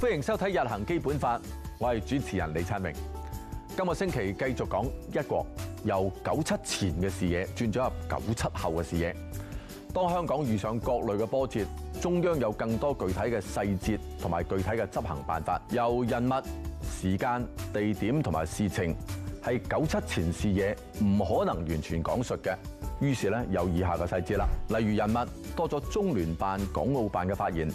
歡迎收睇《日行基本法》，我係主持人李燦明。今個星期繼續講一國，由九七前嘅視野轉咗入九七後嘅視野。當香港遇上各類嘅波折，中央有更多具體嘅細節同埋具體嘅執行辦法。由人物、時間、地點同埋事情，係九七前視野唔可能完全講述嘅。於是咧有以下嘅細節啦，例如人物多咗中聯辦、港澳辦嘅發言。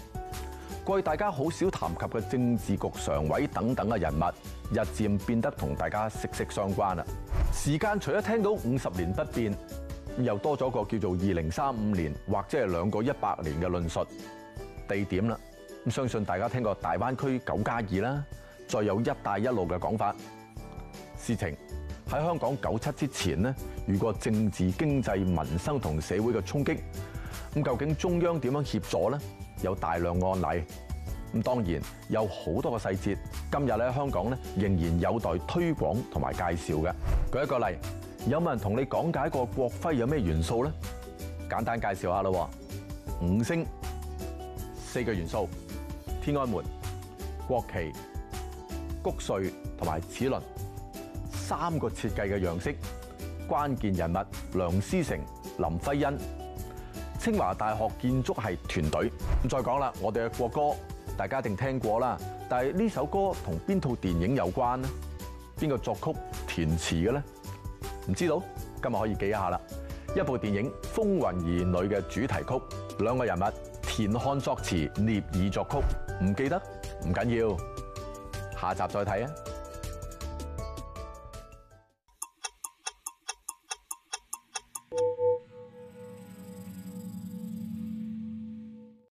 各位大家好少談及嘅政治局常委等等嘅人物，日漸變得同大家息息相關啦。時間除咗聽到五十年不變，又多咗個叫做二零三五年或者係兩個一百年嘅論述。地點啦，相信大家聽過大灣區九加二啦，再有一帶一路嘅講法。事情。喺香港九七之前咧，遇過政治、經濟、民生同社會嘅衝擊，咁究竟中央點樣協助咧？有大量案例。咁當然有好多個細節。今日咧，香港咧仍然有待推廣同埋介紹嘅。舉一個例，有冇人同你講解過國徽有咩元素咧？簡單介紹下咯，五星、四個元素、天安門、國旗、穀穗同埋齒輪。三個設計嘅樣式，關鍵人物梁思成、林徽因。清華大學建築系團隊。咁再講啦，我哋嘅國歌，大家一定聽過啦。但係呢首歌同邊套電影有關呢？邊個作曲填詞嘅咧？唔知道，今日可以記一下啦。一部電影《風雲兒女》嘅主題曲，兩個人物田漢作詞，聶耳作曲。唔記得？唔緊要，下集再睇啊。